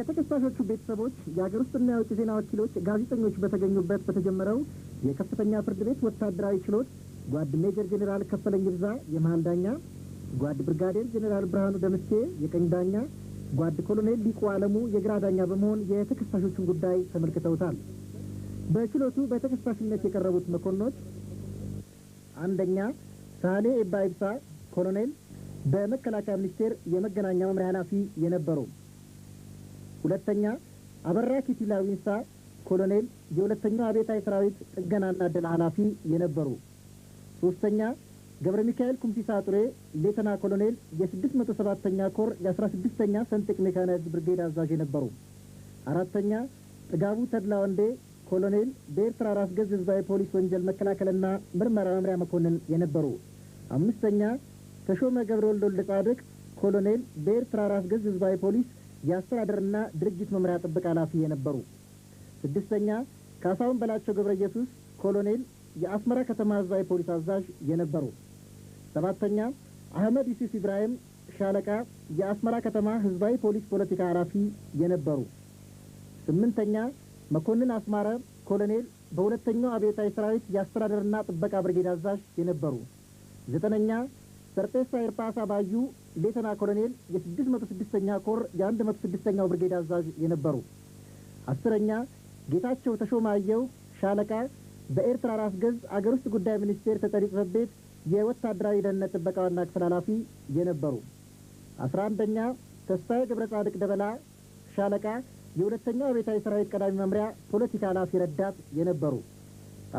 የተከሳሾቹ ቤተሰቦች የአገር ውስጥና የውጭ ዜና ወኪሎች፣ ጋዜጠኞች በተገኙበት በተጀመረው የከፍተኛ ፍርድ ቤት ወታደራዊ ችሎት ጓድ ሜጀር ጄኔራል ከፈለኝ ብዛ የመሀል ዳኛ፣ ጓድ ብርጋዴር ጄኔራል ብርሃኑ ደምስቴ የቀኝ ዳኛ፣ ጓድ ኮሎኔል ሊቁ አለሙ የግራ ዳኛ በመሆን የተከሳሾቹን ጉዳይ ተመልክተውታል። በችሎቱ በተከሳሽነት የቀረቡት መኮንኖች አንደኛ ሳሌ ኤባ ኢብሳ ኮሎኔል፣ በመከላከያ ሚኒስቴር የመገናኛ መምሪያ ኃላፊ የነበሩ ሁለተኛ አበራ ኪቲላ ዊንሳ ኮሎኔል የሁለተኛው አብዮታዊ ሰራዊት ጥገናና ድል ኃላፊ የነበሩ፣ ሶስተኛ ገብረ ሚካኤል ኩምፒሳ ጡሬ ሌተና ኮሎኔል የ መቶ ኛ ኮር የአስራ ስድስተኛ ኛ ሰንጥቅ ሜካናይዝድ ብርጌድ አዛዥ የነበሩ፣ አራተኛ ጥጋቡ ተድላ ወንዴ ኮሎኔል በኤርትራ ራስ ገዝ ህዝባዊ ፖሊስ ወንጀል መከላከልና ምርመራ መምሪያ መኮንን የነበሩ፣ አምስተኛ ተሾመ ገብረ ወልደ ወልደ ጻድቅ ኮሎኔል በኤርትራ ራስ ገዝ ህዝባዊ ፖሊስ የአስተዳደርና ድርጅት መምሪያ ጥበቃ ኃላፊ የነበሩ፣ ስድስተኛ ካሳሁን በላቸው ገብረ ኢየሱስ ኮሎኔል የአስመራ ከተማ ህዝባዊ ፖሊስ አዛዥ የነበሩ፣ ሰባተኛ አህመድ ዩሱፍ ኢብራሂም ሻለቃ የአስመራ ከተማ ህዝባዊ ፖሊስ ፖለቲካ ኃላፊ የነበሩ፣ ስምንተኛ መኮንን አስማረ ኮሎኔል በሁለተኛው አብዮታዊ ሰራዊት የአስተዳደርና ጥበቃ ብርጌድ አዛዥ የነበሩ፣ ዘጠነኛ ሰርጤሳ ኤርጳሳ ባዩ ሌተና ኮሎኔል የስድስት መቶ ስድስተኛ ኮር የአንድ መቶ ስድስተኛው ብርጌድ አዛዥ የነበሩ፣ አስረኛ ጌታቸው ተሾማየው ሻለቃ በኤርትራ ራስ ገዝ አገር ውስጥ ጉዳይ ሚኒስቴር ተጠሪ ጽሕፈት ቤት የወታደራዊ ደህንነት ጥበቃ ዋና ክፍል ኃላፊ የነበሩ፣ አስራ አንደኛ ተስፋዬ ገብረ ጻድቅ ደበላ ሻለቃ የሁለተኛው ቤታዊ ሰራዊት ቀዳሚ መምሪያ ፖለቲካ ኃላፊ ረዳት የነበሩ፣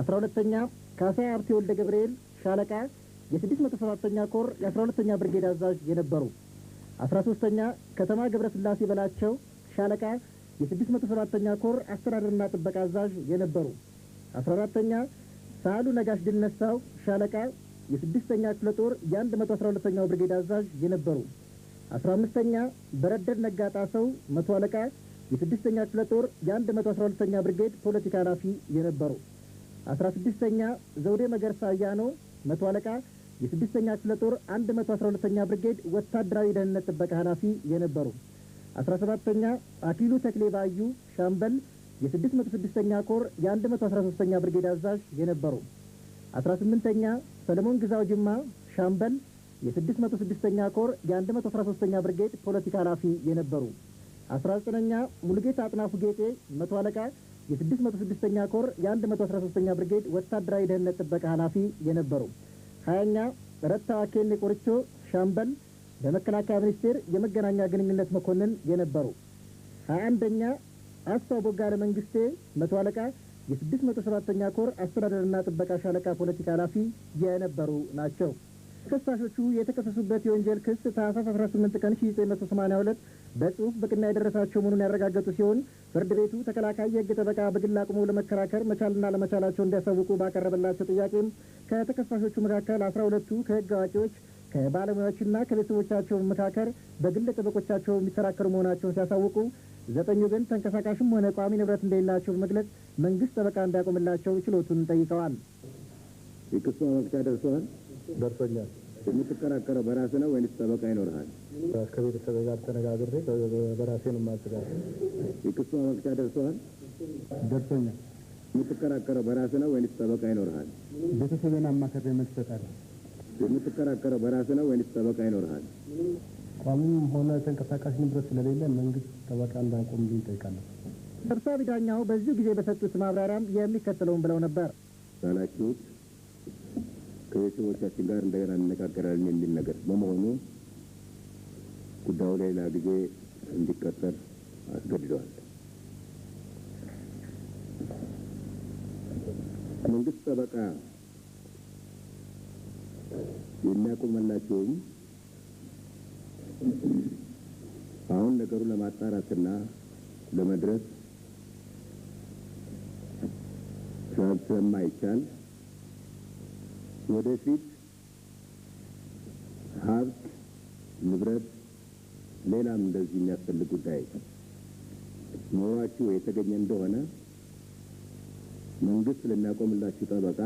አስራ ሁለተኛ ካሳ ሀብቴ ወልደ ገብርኤል ሻለቃ የ607ኛ ኮር የ12ኛ ብርጌድ አዛዥ የነበሩ፣ 13ኛ ከተማ ገብረስላሴ በላቸው ሻለቃ የ 607 ተኛ ኮር አስተዳደርና ጥበቃ አዛዥ የነበሩ፣ ተኛ ሳሉ ነጋሽ ድልነሳው ሻለቃ የ6ኛ ክፍለ ጦር የ112ኛው ብርጌድ አዛዥ የነበሩ፣ 15ኛ በረደድ ነጋጣሰው መቶ አለቃ የ6ኛ ክፍለ ጦር የ112ኛ ብርጌድ ፖለቲካ ኃላፊ የነበሩ፣ 16ኛ ዘውዴ መገርሳ ያኖ መቶ አለቃ የስድስተኛ ክፍለ ጦር 112ኛ ብርጌድ ወታደራዊ ደህንነት ጥበቃ ኃላፊ የነበሩ 17ተኛ አኪሉ ተክሌ ባዩ ሻምበል የ606ኛ ኮር የ113ኛ ብርጌድ አዛዥ የነበሩ 18ኛ ሰለሞን ግዛው ጅማ ሻምበል የ606ኛ ኮር የ113ኛ ብርጌድ ፖለቲካ ኃላፊ የነበሩ 19ኛ ሙሉጌታ አጥናፉ ጌጤ መቶ አለቃ የ606ኛ ኮር የ113ኛ ብርጌድ ወታደራዊ ደህንነት ጥበቃ ኃላፊ የነበሩ ሀያኛ ረታ አኬሌ ቆርቾ ሻምበል በመከላከያ ሚኒስቴር የመገናኛ ግንኙነት መኮንን የነበሩ፣ ሀያ አንደኛ አስፋው ቦጋለ መንግስቴ መቶ አለቃ የስድስት መቶ ሰባተኛ ኮር አስተዳደርና ጥበቃ ሻለቃ ፖለቲካ ኃላፊ የነበሩ ናቸው። ተከሳሾቹ የተከሰሱበት የወንጀል ክስ ታህሳስ 18 ቀን 1982 በጽሁፍ በቅና የደረሳቸው መሆኑን ያረጋገጡ ሲሆን ፍርድ ቤቱ ተከላካይ የህግ ጠበቃ በግል አቅሙ ለመከራከር መቻልና ለመቻላቸው እንዲያሳውቁ ባቀረበላቸው ጥያቄም ከተከሳሾቹ መካከል አስራ ሁለቱ ከህግ አዋቂዎች ከባለሙያዎችና ከቤተሰቦቻቸው መካከል በግል ጠበቆቻቸው የሚከራከሩ መሆናቸውን ሲያሳውቁ ዘጠኙ ግን ተንቀሳቃሽም ሆነ ቋሚ ንብረት እንደሌላቸው በመግለጽ መንግስት ጠበቃ እንዲያቆምላቸው ችሎቱን ጠይቀዋል። የክስ ማመልከቻ ደርሰዋል? ደርሶኛል። የምትከራከረው በራስህ ነው ወይንስ ጠበቃ ይኖርሃል? ከቤተሰብ ጋር ተነጋግሬ በራሴ ነው የማዘጋው። የክሱ መቅጫ ደርሰዋል? ደርሶኛል። የምትከራከረው በራስህ ነው ወይንስ ጠበቃ ይኖርሃል? ቤተሰብን አማከር መስጠታል። የምትከራከረው በራስህ ነው ወይንስ ጠበቃ ይኖርሃል? ቋሚም ሆነ ተንቀሳቃሽ ንብረት ስለሌለ መንግስት ጠበቃ እንዳቆም ይጠይቃለሁ። ሰብሳቢ ዳኛው በዚሁ ጊዜ በሰጡት ማብራሪያም የሚከተለውን ብለው ነበር። ሳላችሁት ከቤተሰቦቻችን ጋር እንደገና እንነጋገራለን የሚል ነገር በመሆኑ ጉዳዩ ሌላ ጊዜ እንዲቀጠር አስገድደዋል። መንግስት ጠበቃ የሚያቆመላቸውም አሁን ነገሩን ለማጣራትና ለመድረስ ስለማይቻል ወደፊት ሀብት፣ ንብረት፣ ሌላም እንደዚህ የሚያስፈልግ ጉዳይ ኖሯችሁ የተገኘ እንደሆነ መንግስት ለሚያቆምላችሁ ጠበቃ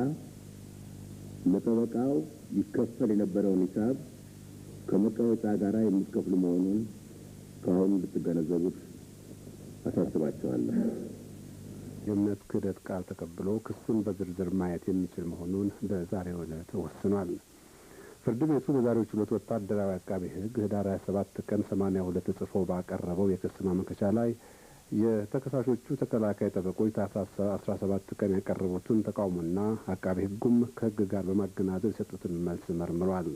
ለጠበቃው ይከፈል የነበረውን ሂሳብ ከመቃወጫ ጋር የምትከፍሉ መሆኑን ከአሁኑ እንድትገነዘቡት አሳስባቸዋለሁ። የእምነት ክህደት ቃል ተቀብሎ ክሱን በዝርዝር ማየት የሚችል መሆኑን በዛሬው ዕለት ወስኗል። ፍርድ ቤቱ በዛሬው ችሎት ወታደራዊ አቃቤ ሕግ ህዳር 27 ቀን 82 ጽፎ ባቀረበው የክስ ማመልከቻ ላይ የተከሳሾቹ ተከላካይ ጠበቆች ታህሳስ 17 ቀን ያቀረቡትን ተቃውሞና አቃቤ ሕጉም ከህግ ጋር በማገናዘብ የሰጡትን መልስ መርምሯል።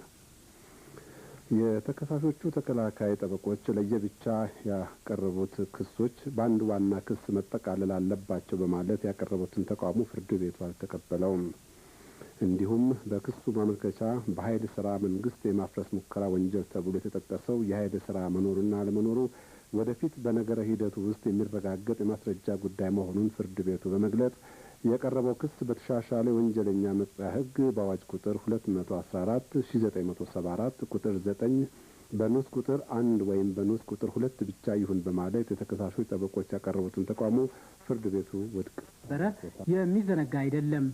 የተከሳሾቹ ተከላካይ ጠበቆች ለየብቻ ያቀረቡት ክሶች በአንድ ዋና ክስ መጠቃለል አለባቸው በማለት ያቀረቡትን ተቃውሞ ፍርድ ቤቱ አልተቀበለውም። እንዲሁም በክሱ ማመልከቻ በኃይል ስራ መንግስት የማፍረስ ሙከራ ወንጀል ተብሎ የተጠቀሰው የኃይል ስራ መኖሩና አለመኖሩ ወደፊት በነገረ ሂደቱ ውስጥ የሚረጋገጥ የማስረጃ ጉዳይ መሆኑን ፍርድ ቤቱ በመግለጽ የቀረበው ክስ በተሻሻለ ወንጀለኛ መቅጫ ሕግ በአዋጅ ቁጥር 214 1974 ቁጥር 9 በንዑስ ቁጥር አንድ ወይም በንዑስ ቁጥር ሁለት ብቻ ይሁን በማለት የተከሳሾች ጠበቆች ያቀረቡትን ተቃውሞ ፍርድ ቤቱ ውድቅ በረ የሚዘነጋ አይደለም።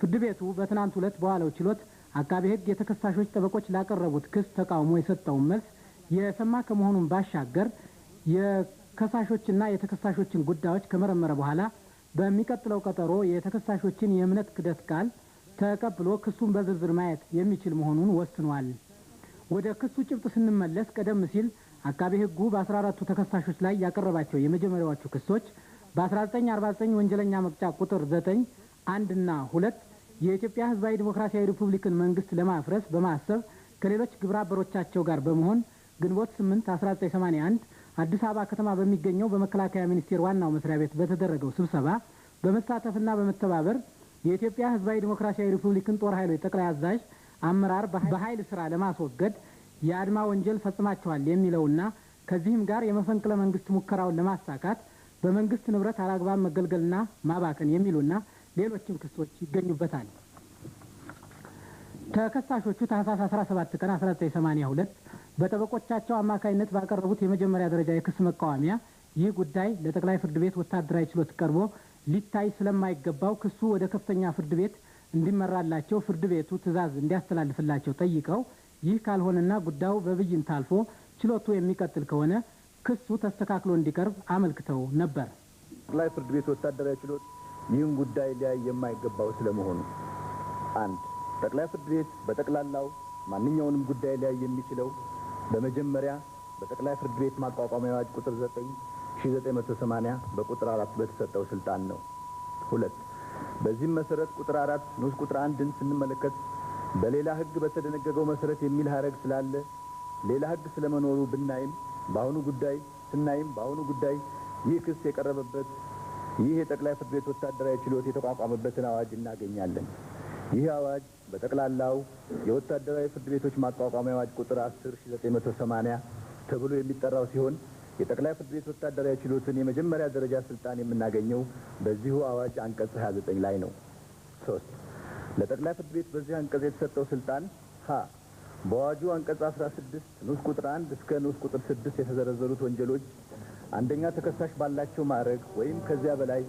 ፍርድ ቤቱ በትናንት ሁለት በዋለው ችሎት አቃቢ ሕግ የተከሳሾች ጠበቆች ላቀረቡት ክስ ተቃውሞ የሰጠውን መልስ የሰማ ከመሆኑን ባሻገር የከሳሾችና የተከሳሾችን ጉዳዮች ከመረመረ በኋላ በሚቀጥለው ቀጠሮ የተከሳሾችን የእምነት ክደት ቃል ተቀብሎ ክሱን በዝርዝር ማየት የሚችል መሆኑን ወስኗል። ወደ ክሱ ጭብጥ ስንመለስ ቀደም ሲል አቃቤ ሕጉ በ14ቱ ተከሳሾች ላይ ያቀረባቸው የመጀመሪያዎቹ ክሶች በ1949 ወንጀለኛ መቅጫ ቁጥር 9 አንድ እና ሁለት የኢትዮጵያ ሕዝባዊ ዲሞክራሲያዊ ሪፑብሊክን መንግስት ለማፍረስ በማሰብ ከሌሎች ግብረ አበሮቻቸው ጋር በመሆን ግንቦት 8 1981 አዲስ አበባ ከተማ በሚገኘው በመከላከያ ሚኒስቴር ዋናው መስሪያ ቤት በተደረገው ስብሰባ በመሳተፍና በመተባበር የኢትዮጵያ ሕዝባዊ ዲሞክራሲያዊ ሪፑብሊክን ጦር ኃይሎች ጠቅላይ አዛዥ አመራር በኃይል ስራ ለማስወገድ የአድማ ወንጀል ፈጽማቸዋል የሚለውና ከዚህም ጋር የመፈንቅለ መንግስት ሙከራውን ለማሳካት በመንግስት ንብረት አላግባብ መገልገልና ማባከን የሚሉና ሌሎችም ክሶች ይገኙበታል። ተከሳሾቹ ታህሳስ 17 ቀን 1982 በጠበቆቻቸው አማካኝነት ባቀረቡት የመጀመሪያ ደረጃ የክስ መቃወሚያ ይህ ጉዳይ ለጠቅላይ ፍርድ ቤት ወታደራዊ ችሎት ቀርቦ ሊታይ ስለማይገባው ክሱ ወደ ከፍተኛ ፍርድ ቤት እንዲመራላቸው ፍርድ ቤቱ ትዕዛዝ እንዲያስተላልፍላቸው ጠይቀው ይህ ካልሆነና ጉዳዩ በብይን ታልፎ ችሎቱ የሚቀጥል ከሆነ ክሱ ተስተካክሎ እንዲቀርብ አመልክተው ነበር። ጠቅላይ ፍርድ ቤት ወታደራዊ ችሎት ይህን ጉዳይ ሊያይ የማይገባው ስለመሆኑ፣ አንድ ጠቅላይ ፍርድ ቤት በጠቅላላው ማንኛውንም ጉዳይ ሊያይ የሚችለው በመጀመሪያ በጠቅላይ ፍርድ ቤት ማቋቋሚያ አዋጅ ቁጥር 9 1980 በቁጥር 4 በተሰጠው ስልጣን ነው። ሁለት በዚህም መሰረት ቁጥር 4 ንዑስ ቁጥር 1ን ስንመለከት በሌላ ህግ በተደነገገው መሰረት የሚል ሀረግ ስላለ ሌላ ህግ ስለመኖሩ ብናይም በአሁኑ ጉዳይ ስናይም በአሁኑ ጉዳይ ይህ ክስ የቀረበበት ይህ የጠቅላይ ፍርድ ቤት ወታደራዊ ችሎት የተቋቋመበትን አዋጅ እናገኛለን። ይህ አዋጅ በጠቅላላው የወታደራዊ ፍርድ ቤቶች ማቋቋሚያ አዋጅ ቁጥር 10980 ተብሎ የሚጠራው ሲሆን የጠቅላይ ፍርድ ቤት ወታደራዊ ችሎትን የመጀመሪያ ደረጃ ስልጣን የምናገኘው በዚሁ አዋጅ አንቀጽ 29 ላይ ነው። ሶስት ለጠቅላይ ፍርድ ቤት በዚህ አንቀጽ የተሰጠው ስልጣን ሀ በአዋጁ አንቀጽ 16 ንዑስ ቁጥር 1 እስከ ንዑስ ቁጥር 6 የተዘረዘሩት ወንጀሎች አንደኛ ተከሳሽ ባላቸው ማዕረግ ወይም ከዚያ በላይ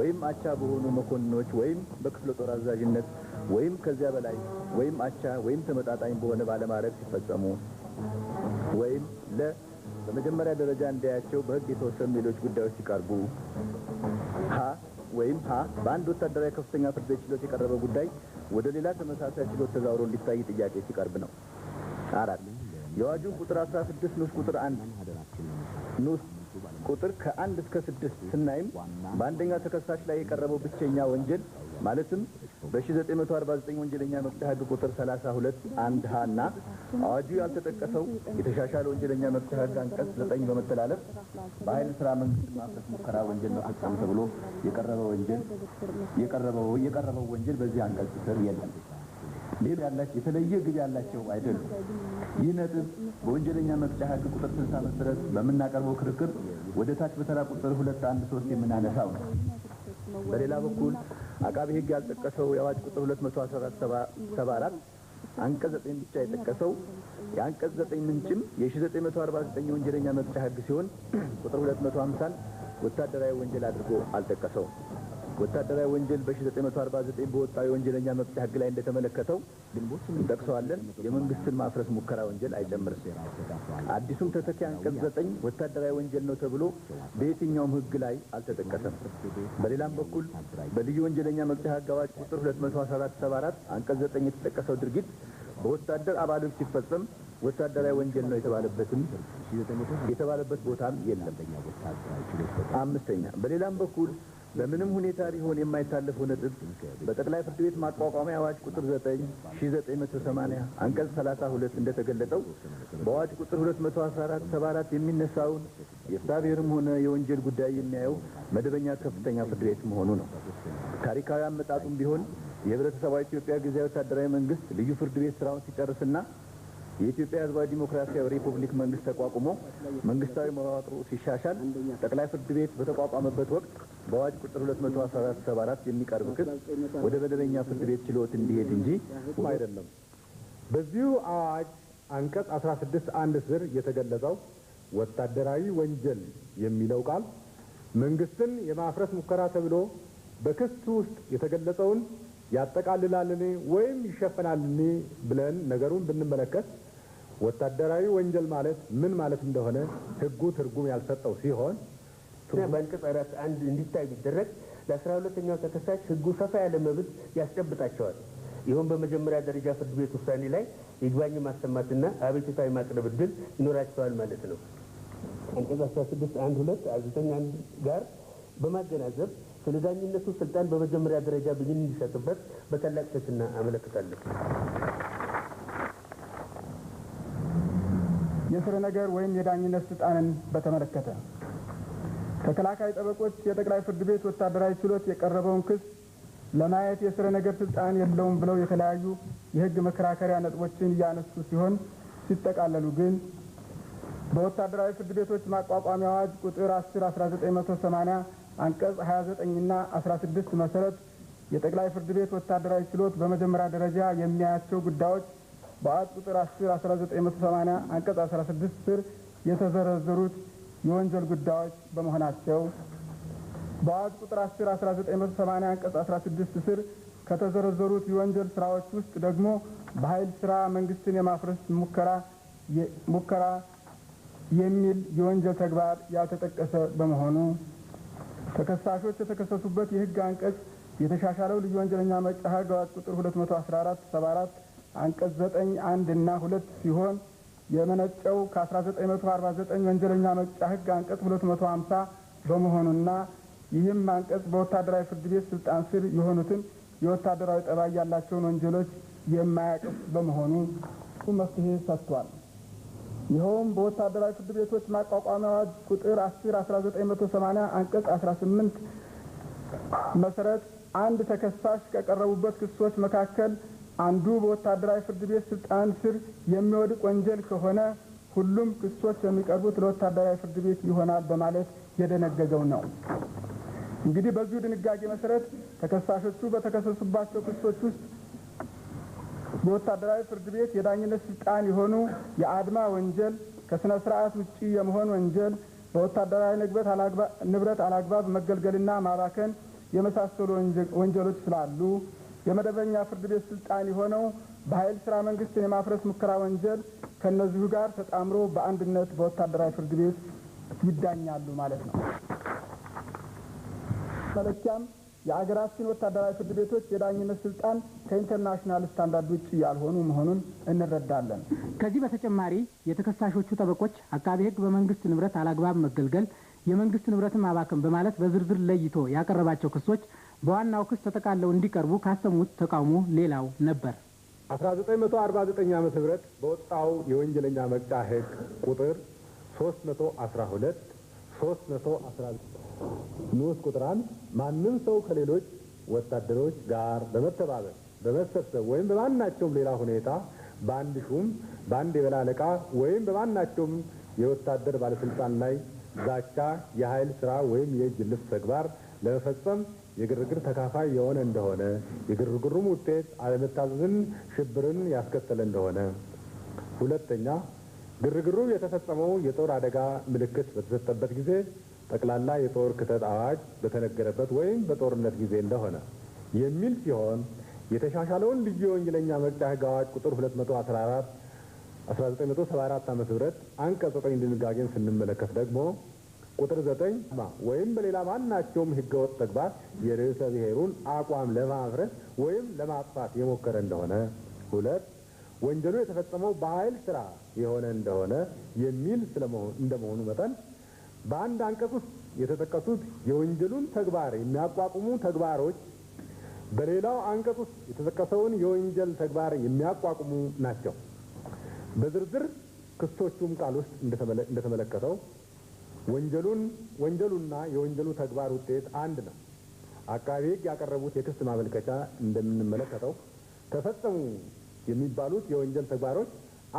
ወይም አቻ በሆኑ መኮንኖች ወይም በክፍለ ጦር አዛዥነት ወይም ከዚያ በላይ ወይም አቻ ወይም ተመጣጣኝ በሆነ ባለማድረግ ሲፈጸሙ ወይም ለ በመጀመሪያ ደረጃ እንዳያቸው በህግ የተወሰኑ ሌሎች ጉዳዮች ሲቀርቡ ሀ ወይም ሀ በአንድ ወታደራዊ ከፍተኛ ፍርድ ቤት ችሎት የቀረበ ጉዳይ ወደ ሌላ ተመሳሳይ ችሎት ተዛውሮ እንዲታይ ጥያቄ ሲቀርብ ነው። አራት የዋጁ ቁጥር 16 ንዑስ ቁጥር አንድ ንዑስ ቁጥር ከአንድ እስከ ስድስት ስናይም በአንደኛው ተከሳሽ ላይ የቀረበው ብቸኛ ወንጀል ማለትም በ1949 ወንጀለኛ መቅጫ ህግ ቁጥር 32 አንድ ሀ እና አዋጁ ያልተጠቀሰው የተሻሻለ ወንጀለኛ መቅጫ ህግ አንቀጽ 9 በመተላለፍ በኃይል ስራ መንግስት ማፍረስ ሙከራ ወንጀል መፈጸም ተብሎ የቀረበው ወንጀል በዚህ አንቀጽ ስር የለም። ሌላ ያላቸው የተለየ ግብ ያላቸው አይደሉም። ይህ ነጥብ በወንጀለኛ መቅጫ ህግ ቁጥር 60 መሰረት በምናቀርበው ክርክር ወደ ታች በተራ ቁጥር 213 የምናነሳው ነው። በሌላ በኩል አቃቢ ህግ ያልጠቀሰው የአዋጅ ቁጥር 214 አንቀጽ 9 ብቻ የጠቀሰው የአንቀጽ 9 ምንጭም የ1949 ወንጀለኛ መቅጫ ህግ ሲሆን ቁጥር 250 ወታደራዊ ወንጀል አድርጎ አልጠቀሰውም። ወታደራዊ ወንጀል በ1949 በወጣው የወንጀለኛ መቅጫ ህግ ላይ እንደተመለከተው እንጠቅሰዋለን የመንግስትን ማፍረስ ሙከራ ወንጀል አይጨምርም። አዲሱም ተተኪ አንቀጽ ዘጠኝ ወታደራዊ ወንጀል ነው ተብሎ በየትኛውም ህግ ላይ አልተጠቀሰም። በሌላም በኩል በልዩ ወንጀለኛ መቅጫ ህግ አዋጅ ቁጥር 21474 አንቀጽ ዘጠኝ የተጠቀሰው ድርጊት በወታደር አባሎች ሲፈጸም ወታደራዊ ወንጀል ነው የተባለበትም የተባለበት ቦታም የለም። አምስተኛ በሌላም በኩል በምንም ሁኔታ ቢሆን የማይታለፈው ነጥብ በጠቅላይ ፍርድ ቤት ማቋቋሚያ አዋጅ ቁጥር 9 980 አንቀጽ 32 እንደተገለጠው በአዋጅ ቁጥር 214 74 የሚነሳውን የፍትሐ ሆነ የወንጀል ጉዳይ የሚያየው መደበኛ ከፍተኛ ፍርድ ቤት መሆኑ ነው። ታሪካዊ አመጣጡም ቢሆን የህብረተሰባዊ ኢትዮጵያ ጊዜያዊ ወታደራዊ መንግስት ልዩ ፍርድ ቤት ስራውን ሲጨርስና የኢትዮጵያ ህዝባዊ ዲሞክራሲያዊ ሪፑብሊክ መንግስት ተቋቁሞ መንግስታዊ መዋቅሩ ሲሻሻል ጠቅላይ ፍርድ ቤት በተቋቋመበት ወቅት በአዋጅ ቁጥር 2474 የሚቀርብ ክስ ወደ መደበኛ ፍርድ ቤት ችሎት እንዲሄድ እንጂ አይደለም። በዚሁ አዋጅ አንቀጽ 16 አንድ ስር የተገለጸው ወታደራዊ ወንጀል የሚለው ቃል መንግስትን የማፍረስ ሙከራ ተብሎ በክስ ውስጥ የተገለጸውን ያጠቃልላልን ወይም ይሸፈናልን ብለን ነገሩን ብንመለከት ወታደራዊ ወንጀል ማለት ምን ማለት እንደሆነ ህጉ ትርጉም ያልሰጠው ሲሆን በአንቀጽ አራት አንድ እንዲታይ ቢደረግ ለአስራ ሁለተኛው ተከሳሽ ህጉ ሰፋ ያለ መብት ያስጨብጣቸዋል። ይሁን በመጀመሪያ ደረጃ ፍርድ ቤት ውሳኔ ላይ ይግባኝ ማሰማትና አቤቱታ የማቅረብ እድል ይኖራቸዋል ማለት ነው። አንቀጽ 16 አንድ ሁለት ዘጠኝ አንድ ጋር በማገናዘብ ስለ ዳኝነቱ ስልጣን በመጀመሪያ ደረጃ ብይን እንዲሰጥበት በታላቅ ትህትና አመለክታለሁ። የስር ነገር ወይም የዳኝነት ስልጣንን በተመለከተ ተከላካይ ጠበቆች የጠቅላይ ፍርድ ቤት ወታደራዊ ችሎት የቀረበውን ክስ ለማየት የስረ ነገር ስልጣን የለውም ብለው የተለያዩ የህግ መከራከሪያ ነጥቦችን እያነሱ ሲሆን ሲጠቃለሉ ግን በወታደራዊ ፍርድ ቤቶች ማቋቋሚ አዋጅ ቁጥር 10 1980 አንቀጽ 29ና 16 መሰረት የጠቅላይ ፍርድ ቤት ወታደራዊ ችሎት በመጀመሪያ ደረጃ የሚያያቸው ጉዳዮች በአዋጅ ቁጥር 10 1980 አንቀጽ 16 ስር የተዘረዘሩት የወንጀል ጉዳዮች በመሆናቸው በአዋጅ ቁጥር 10 1980 አንቀጽ 16 ስር ከተዘረዘሩት የወንጀል ስራዎች ውስጥ ደግሞ በኃይል ስራ መንግስትን የማፍረስ ሙከራ ሙከራ የሚል የወንጀል ተግባር ያልተጠቀሰ በመሆኑ ተከሳሾች የተከሰሱበት የህግ አንቀጽ የተሻሻለው ልዩ ወንጀለኛ መቅጫ ህግ አዋጅ ቁጥር 214 74 አንቀጽ ዘጠኝ አንድ እና ሁለት ሲሆን የመነጨው ከ1949 ወንጀለኛ መቅጫ ህግ አንቀጽ 250 በመሆኑና ይህም አንቀጽ በወታደራዊ ፍርድ ቤት ስልጣን ስር የሆኑትን የወታደራዊ ጠባይ ያላቸውን ወንጀሎች የማያቅፍ በመሆኑ መፍትሄ ሰጥቷል። ይኸውም በወታደራዊ ፍርድ ቤቶች ማቋቋሚያ አዋጅ ቁጥር 10 1980 አንቀጽ 18 መሰረት አንድ ተከሳሽ ከቀረቡበት ክሶች መካከል አንዱ በወታደራዊ ፍርድ ቤት ስልጣን ስር የሚወድቅ ወንጀል ከሆነ ሁሉም ክሶች የሚቀርቡት ለወታደራዊ ፍርድ ቤት ይሆናል በማለት የደነገገው ነው። እንግዲህ በዚሁ ድንጋጌ መሰረት ተከሳሾቹ በተከሰሱባቸው ክሶች ውስጥ በወታደራዊ ፍርድ ቤት የዳኝነት ስልጣን የሆኑ የአድማ ወንጀል፣ ከስነ ስርዓት ውጪ የመሆን ወንጀል፣ በወታደራዊ ንብረት አላግባብ መገልገልና ማባከን የመሳሰሉ ወንጀሎች ስላሉ የመደበኛ ፍርድ ቤት ስልጣን የሆነው በኃይል ስራ መንግስትን የማፍረስ ሙከራ ወንጀል ከእነዚሁ ጋር ተጣምሮ በአንድነት በወታደራዊ ፍርድ ቤት ይዳኛሉ ማለት ነው። መለኪያም የአገራችን ወታደራዊ ፍርድ ቤቶች የዳኝነት ስልጣን ከኢንተርናሽናል ስታንዳርድ ውጭ ያልሆኑ መሆኑን እንረዳለን። ከዚህ በተጨማሪ የተከሳሾቹ ጠበቆች አቃቤ ሕግ በመንግስት ንብረት አላግባብ መገልገል፣ የመንግስት ንብረትን ማባከም በማለት በዝርዝር ለይቶ ያቀረባቸው ክሶች በዋናው ክስ ተጠቃለው እንዲቀርቡ ካሰሙት ተቃውሞ ሌላው ነበር። 1949 ዓ ምህረት በወጣው የወንጀለኛ መቅጫ ህግ ቁጥር 312 319 ንዑስ ቁጥር 1 ማንም ሰው ከሌሎች ወታደሮች ጋር በመተባበር በመሰብሰብ ወይም በማናቸውም ሌላ ሁኔታ በአንድ ሹም በአንድ የበላይ አለቃ ወይም በማናቸውም የወታደር ባለስልጣን ላይ ዛቻ፣ የኃይል ስራ ወይም የእጅ ልፍ ተግባር ለመፈጸም የግርግር ተካፋይ የሆነ እንደሆነ የግርግሩም ውጤት አለመታዘዝን፣ ሽብርን ያስከተለ እንደሆነ። ሁለተኛ ግርግሩ የተፈጸመው የጦር አደጋ ምልክት በተሰጠበት ጊዜ ጠቅላላ የጦር ክተት አዋጅ በተነገረበት ወይም በጦርነት ጊዜ እንደሆነ የሚል ሲሆን የተሻሻለውን ልዩ የወንጀለኛ መቅጫ ሕግ አዋጅ ቁጥር 214 1974 ዓ.ም አንቀጽ 9 ድንጋጌን ስንመለከት ደግሞ ቁጥር 9 ወይም በሌላ ማናቸውም ህገወጥ ተግባር የርዕሰ ብሔሩን አቋም ለማፍረስ ወይም ለማጥፋት የሞከረ እንደሆነ፣ ሁለት ወንጀሉ የተፈጸመው በኃይል ስራ የሆነ እንደሆነ የሚል እንደመሆኑ መጠን በአንድ አንቀጽ ውስጥ የተጠቀሱት የወንጀሉን ተግባር የሚያቋቁሙ ተግባሮች በሌላው አንቀጽ ውስጥ የተጠቀሰውን የወንጀል ተግባር የሚያቋቁሙ ናቸው። በዝርዝር ክሶቹም ቃል ውስጥ እንደተመለከተው ወንጀሉን ወንጀሉና የወንጀሉ ተግባር ውጤት አንድ ነው። አቃቤ ሕግ ያቀረቡት የክስ ማመልከቻ እንደምንመለከተው ተፈጸሙ የሚባሉት የወንጀል ተግባሮች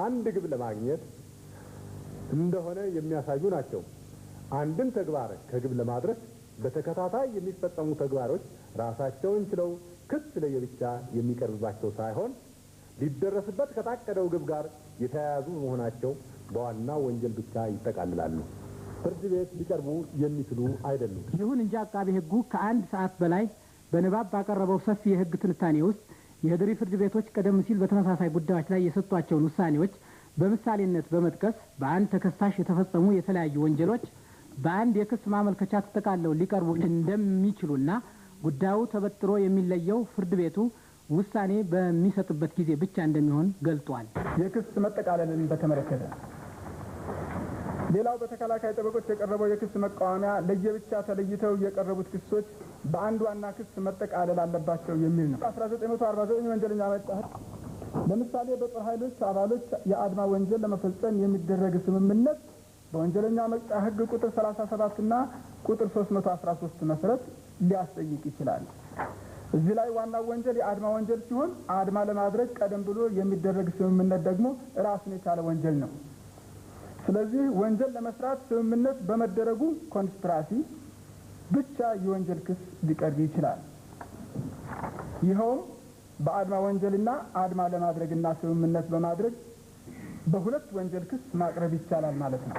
አንድ ግብ ለማግኘት እንደሆነ የሚያሳዩ ናቸው። አንድን ተግባር ከግብ ለማድረስ በተከታታይ የሚፈጸሙ ተግባሮች ራሳቸውን ችለው ክስ ለየብቻ የሚቀርብባቸው ሳይሆን ሊደረስበት ከታቀደው ግብ ጋር የተያያዙ መሆናቸው በዋና ወንጀል ብቻ ይጠቃልላሉ። ፍርድ ቤት ሊቀርቡ የሚችሉ አይደሉም። ይሁን እንጂ አቃቢ ሕጉ ከአንድ ሰዓት በላይ በንባብ ባቀረበው ሰፊ የሕግ ትንታኔ ውስጥ የህድሪ ፍርድ ቤቶች ቀደም ሲል በተመሳሳይ ጉዳዮች ላይ የሰጧቸውን ውሳኔዎች በምሳሌነት በመጥቀስ በአንድ ተከሳሽ የተፈጸሙ የተለያዩ ወንጀሎች በአንድ የክስ ማመልከቻ ተጠቃለው ሊቀርቡ እንደሚችሉና ጉዳዩ ተበጥሮ የሚለየው ፍርድ ቤቱ ውሳኔ በሚሰጥበት ጊዜ ብቻ እንደሚሆን ገልጧል። የክስ መጠቃለልን በተመለከተ ሌላው በተከላካይ ጠበቆች የቀረበው የክስ መቃወሚያ ለየብቻ ተለይተው የቀረቡት ክሶች በአንድ ዋና ክስ መጠቃለል አለባቸው የሚል ነው። 1949 ወንጀለኛ መቅጫ ለምሳሌ በጦር ኃይሎች አባሎች የአድማ ወንጀል ለመፈጸም የሚደረግ ስምምነት በወንጀለኛ መቅጫ ሕግ ቁጥር 37 እና ቁጥር 313 መሰረት ሊያስጠይቅ ይችላል። እዚህ ላይ ዋናው ወንጀል የአድማ ወንጀል ሲሆን አድማ ለማድረግ ቀደም ብሎ የሚደረግ ስምምነት ደግሞ ራሱን የቻለ ወንጀል ነው። ስለዚህ ወንጀል ለመስራት ስምምነት በመደረጉ ኮንስፕራሲ ብቻ የወንጀል ክስ ሊቀርብ ይችላል። ይኸውም በአድማ ወንጀልና አድማ ለማድረግና ስምምነት በማድረግ በሁለት ወንጀል ክስ ማቅረብ ይቻላል ማለት ነው።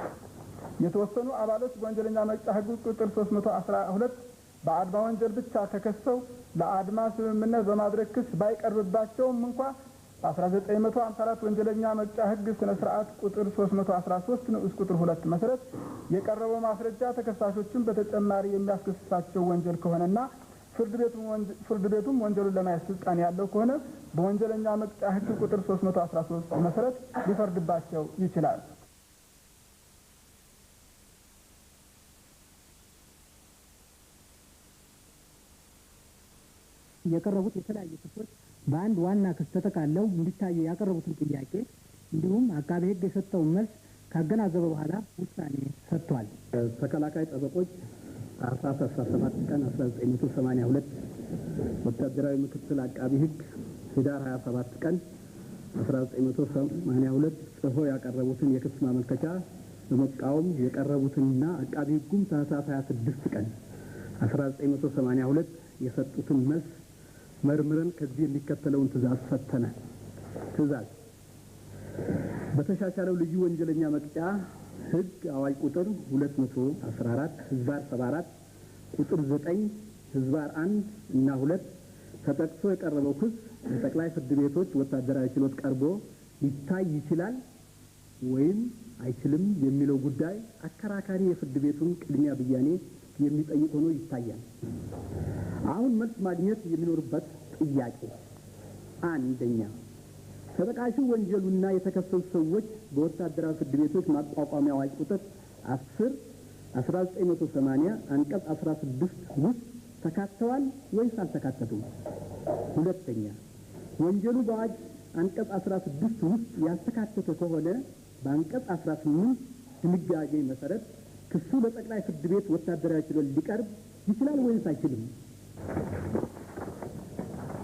የተወሰኑ አባሎች በወንጀለኛ መቅጫ ሕግ ቁጥር 312 በአድማ ወንጀል ብቻ ተከሰው ለአድማ ስምምነት በማድረግ ክስ ባይቀርብባቸውም እንኳ በ1954 ወንጀለኛ መቅጫ ህግ ስነ ስርዓት ቁጥር 313 ንዑስ ቁጥር 2 መሰረት የቀረበው ማስረጃ ተከሳሾችን በተጨማሪ የሚያስከስሳቸው ወንጀል ከሆነና ፍርድ ቤቱም ወንጀሉን ለማየት ስልጣን ያለው ከሆነ በወንጀለኛ መቅጫ ህግ ቁጥር 313 መሰረት ሊፈርድባቸው ይችላል። የቀረቡት የተለያዩ ክሶች በአንድ ዋና ክስ ተጠቃለው እንዲታዩ ያቀረቡትን ጥያቄ እንዲሁም አቃቤ ሕግ የሰጠውን መልስ ካገናዘበ በኋላ ውሳኔ ሰጥቷል። ተከላካይ ጠበቆች ታህሳስ 17 ቀን 1982 ወታደራዊ ምክትል አቃቢ ሕግ ህዳር 27 ቀን 1982 ጽፎ ያቀረቡትን የክስ ማመልከቻ በመቃወም የቀረቡትንና አቃቢ ሕጉም ታህሳስ 26 ቀን 1982 የሰጡትን መልስ መርምረን ከዚህ የሚከተለውን ትእዛዝ ፈተነ። ትእዛዝ በተሻሻለው ልዩ ወንጀለኛ መቅጫ ህግ አዋጅ ቁጥር 214 ህዝባር 74 ቁጥር 9 ህዝባር 1 እና 2 ተጠቅሶ የቀረበው ክስ ለጠቅላይ ፍርድ ቤቶች ወታደራዊ ችሎት ቀርቦ ሊታይ ይችላል ወይም አይችልም የሚለው ጉዳይ አከራካሪ የፍርድ ቤቱን ቅድሚያ ብያኔ የሚጠይቅ ሆኖ ይታያል። አሁን መልስ ማግኘት የሚኖርበት ጥያቄ አንደኛ ተጠቃሹ ወንጀሉና የተከሰሱ ሰዎች በወታደራዊ ፍርድ ቤቶች ማቋቋሚያ አዋጅ ቁጥር መቶ ሰማኒያ አንቀጽ 16 ውስጥ ተካተዋል ወይስ አልተካተቱም? ሁለተኛ ወንጀሉ በአዋጅ አንቀጽ 16 ውስጥ ያልተካተተ ከሆነ በአንቀጽ 18 ድንጋጌ መሰረት ክሱ በጠቅላይ ፍርድ ቤት ወታደራዊ ችሎት ሊቀርብ ይችላል ወይስ አይችልም?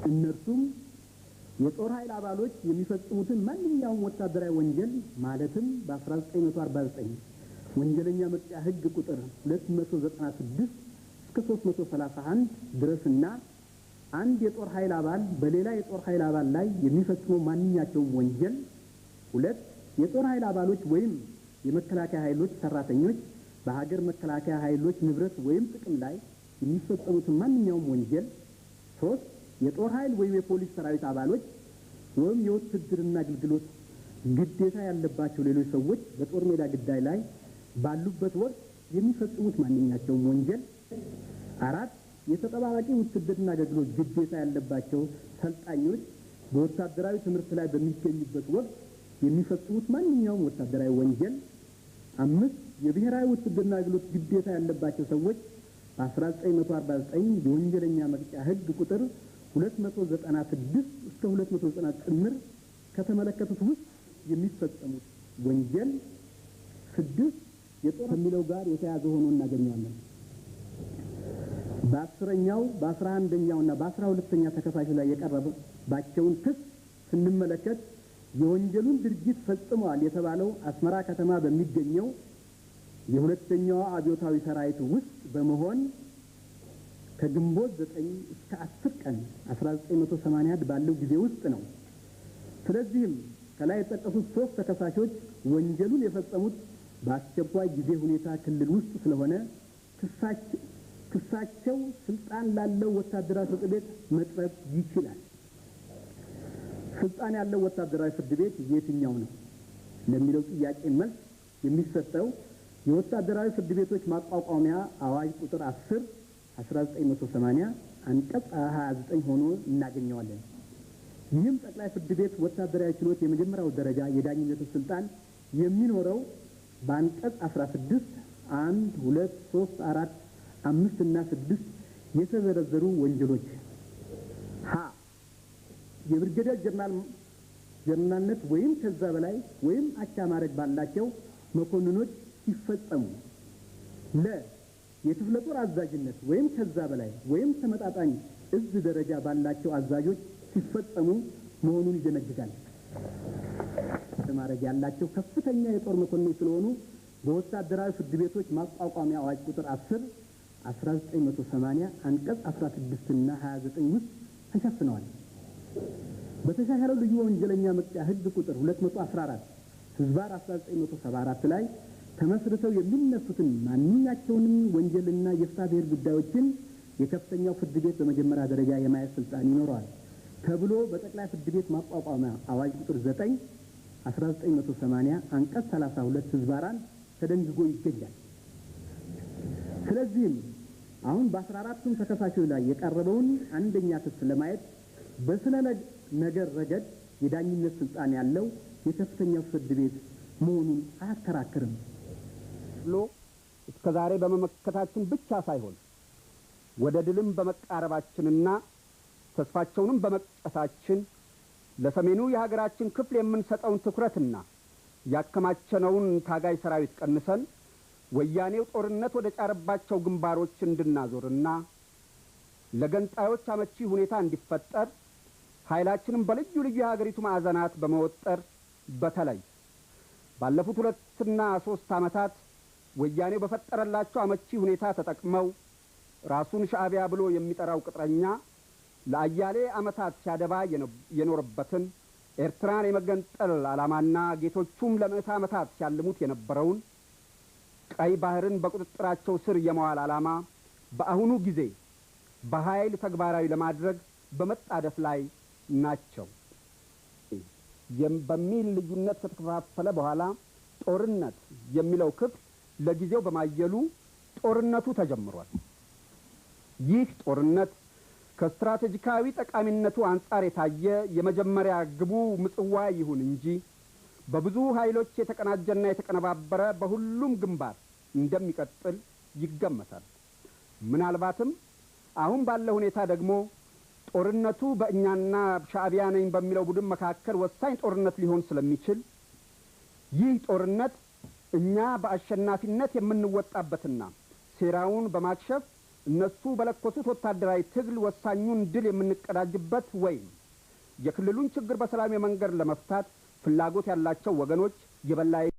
እነርሱም የጦር ኃይል አባሎች የሚፈጽሙትን ማንኛውም ወታደራዊ ወንጀል ማለትም በ1949 ወንጀለኛ መቅጫ ሕግ ቁጥር 296 እስከ 331 ድረስና አንድ የጦር ኃይል አባል በሌላ የጦር ኃይል አባል ላይ የሚፈጽመው ማንኛቸውም ወንጀል፣ ሁለት የጦር ኃይል አባሎች ወይም የመከላከያ ኃይሎች ሰራተኞች በሀገር መከላከያ ኃይሎች ንብረት ወይም ጥቅም ላይ የሚፈጸሙትን ማንኛውም ወንጀል። ሶስት የጦር ኃይል ወይም የፖሊስ ሰራዊት አባሎች ወይም የውትድርና አገልግሎት ግዴታ ያለባቸው ሌሎች ሰዎች በጦር ሜዳ ግዳይ ላይ ባሉበት ወቅት የሚፈጽሙት ማንኛቸውም ወንጀል። አራት የተጠባባቂ ውትድርና አገልግሎት ግዴታ ያለባቸው ሰልጣኞች በወታደራዊ ትምህርት ላይ በሚገኙበት ወቅት የሚፈጽሙት ማንኛውም ወታደራዊ ወንጀል። አምስት የብሔራዊ ውትድርና አገልግሎት ግዴታ ያለባቸው ሰዎች በ1949 የወንጀለኛ መቅጫ ህግ ቁጥር 296 እስከ 290 ጭምር ከተመለከቱት ውስጥ የሚፈጸሙት ወንጀል ስድስት የጦር ከሚለው ጋር የተያዘ ሆኖ እናገኘዋለን። በአስረኛው በአስራ አንደኛው እና በአስራ ሁለተኛ ተከሳሽ ላይ የቀረበባቸውን ክስ ስንመለከት የወንጀሉን ድርጊት ፈጽመዋል የተባለው አስመራ ከተማ በሚገኘው የሁለተኛው አብዮታዊ ሰራዊት ውስጥ በመሆን ከግንቦት ዘጠኝ እስከ አስር ቀን 1981 ባለው ጊዜ ውስጥ ነው። ስለዚህም ከላይ የጠቀሱት ሶስት ተከሳሾች ወንጀሉን የፈጸሙት በአስቸኳይ ጊዜ ሁኔታ ክልል ውስጥ ስለሆነ ክሳቸው ስልጣን ላለው ወታደራዊ ፍርድ ቤት መቅረብ ይችላል። ስልጣን ያለው ወታደራዊ ፍርድ ቤት የትኛው ነው ለሚለው ጥያቄ መልስ የሚሰጠው የወታደራዊ ፍርድ ቤቶች ማቋቋሚያ አዋጅ ቁጥር 10 1980 አንቀጽ 29 ሆኖ እናገኘዋለን። ይህም ጠቅላይ ፍርድ ቤት ወታደራዊ ችሎት የመጀመሪያው ደረጃ የዳኝነቱ ስልጣን የሚኖረው በአንቀጽ 16 አንድ ሁለት ሶስት አራት አምስት እና ስድስት የተዘረዘሩ ወንጀሎች ሀ ጀርናል ጀርናልነት ወይም ከዛ በላይ ወይም አቻ ማዕረግ ባላቸው መኮንኖች ሲፈጸሙ ለ የክፍለ ጦር አዛዥነት ወይም ከዛ በላይ ወይም ተመጣጣኝ እዝ ደረጃ ባላቸው አዛዦች ሲፈጸሙ መሆኑን ይደነግጋል። ማድረግ ያላቸው ከፍተኛ የጦር መኮንን ስለሆኑ በወታደራዊ ፍርድ ቤቶች ማቋቋሚያ አዋጅ ቁጥር 10 1980 አንቀጽ 16 እና 29 ውስጥ ተሸፍነዋል። በተሻሻለው ልዩ ወንጀለኛ መቅጫ ሕግ ቁጥር 214 ህዝባር 1974 ላይ ተመስርተው የሚነሱትን ማንኛቸውንም ወንጀልና የፍትሐ ብሔር ጉዳዮችን የከፍተኛው ፍርድ ቤት በመጀመሪያ ደረጃ የማየት ስልጣን ይኖረዋል ተብሎ በጠቅላይ ፍርድ ቤት ማቋቋሚያ አዋጅ ቁጥር 9 1980 አንቀጽ 32 ህዝብ 4 ተደንግጎ ይገኛል። ስለዚህም አሁን በ14ቱም ተከሳሾች ላይ የቀረበውን አንደኛ ክስ ለማየት በስነ ነገር ረገድ የዳኝነት ስልጣን ያለው የከፍተኛው ፍርድ ቤት መሆኑን አያከራክርም። ተጋድሎ እስከ ዛሬ በመመከታችን ብቻ ሳይሆን ወደ ድልም በመቃረባችንና ተስፋቸውንም በመቅጨታችን ለሰሜኑ የሀገራችን ክፍል የምንሰጠውን ትኩረትና ያከማቸነውን ታጋይ ሰራዊት ቀንሰን ወያኔው ጦርነት ወደ ጫረባቸው ግንባሮች እንድናዞርና ለገንጣዮች አመቺ ሁኔታ እንዲፈጠር ኃይላችንም በልዩ ልዩ የሀገሪቱ ማዕዘናት በመወጠር በተለይ ባለፉት ሁለትና ሶስት ዓመታት ወያኔው በፈጠረላቸው አመቺ ሁኔታ ተጠቅመው ራሱን ሻዕቢያ ብሎ የሚጠራው ቅጥረኛ ለአያሌ ዓመታት ሲያደባ የኖረበትን ኤርትራን የመገንጠል ዓላማና ጌቶቹም ለምዕተ ዓመታት ሲያልሙት የነበረውን ቀይ ባህርን በቁጥጥራቸው ስር የመዋል ዓላማ በአሁኑ ጊዜ በኃይል ተግባራዊ ለማድረግ በመጣደፍ ላይ ናቸው በሚል ልዩነት ከተከፋፈለ በኋላ ጦርነት የሚለው ክፍል ለጊዜው በማየሉ ጦርነቱ ተጀምሯል። ይህ ጦርነት ከስትራቴጂካዊ ጠቃሚነቱ አንጻር የታየ የመጀመሪያ ግቡ ምጽዋ ይሁን እንጂ በብዙ ኃይሎች የተቀናጀና የተቀነባበረ በሁሉም ግንባር እንደሚቀጥል ይገመታል። ምናልባትም አሁን ባለ ሁኔታ ደግሞ ጦርነቱ በእኛና ሻዕቢያ ነኝ በሚለው ቡድን መካከል ወሳኝ ጦርነት ሊሆን ስለሚችል ይህ ጦርነት እኛ በአሸናፊነት የምንወጣበትና ሴራውን በማክሸፍ እነሱ በለኮሱት ወታደራዊ ትግል ወሳኙን ድል የምንቀዳጅበት ወይም የክልሉን ችግር በሰላም መንገድ ለመፍታት ፍላጎት ያላቸው ወገኖች የበላይ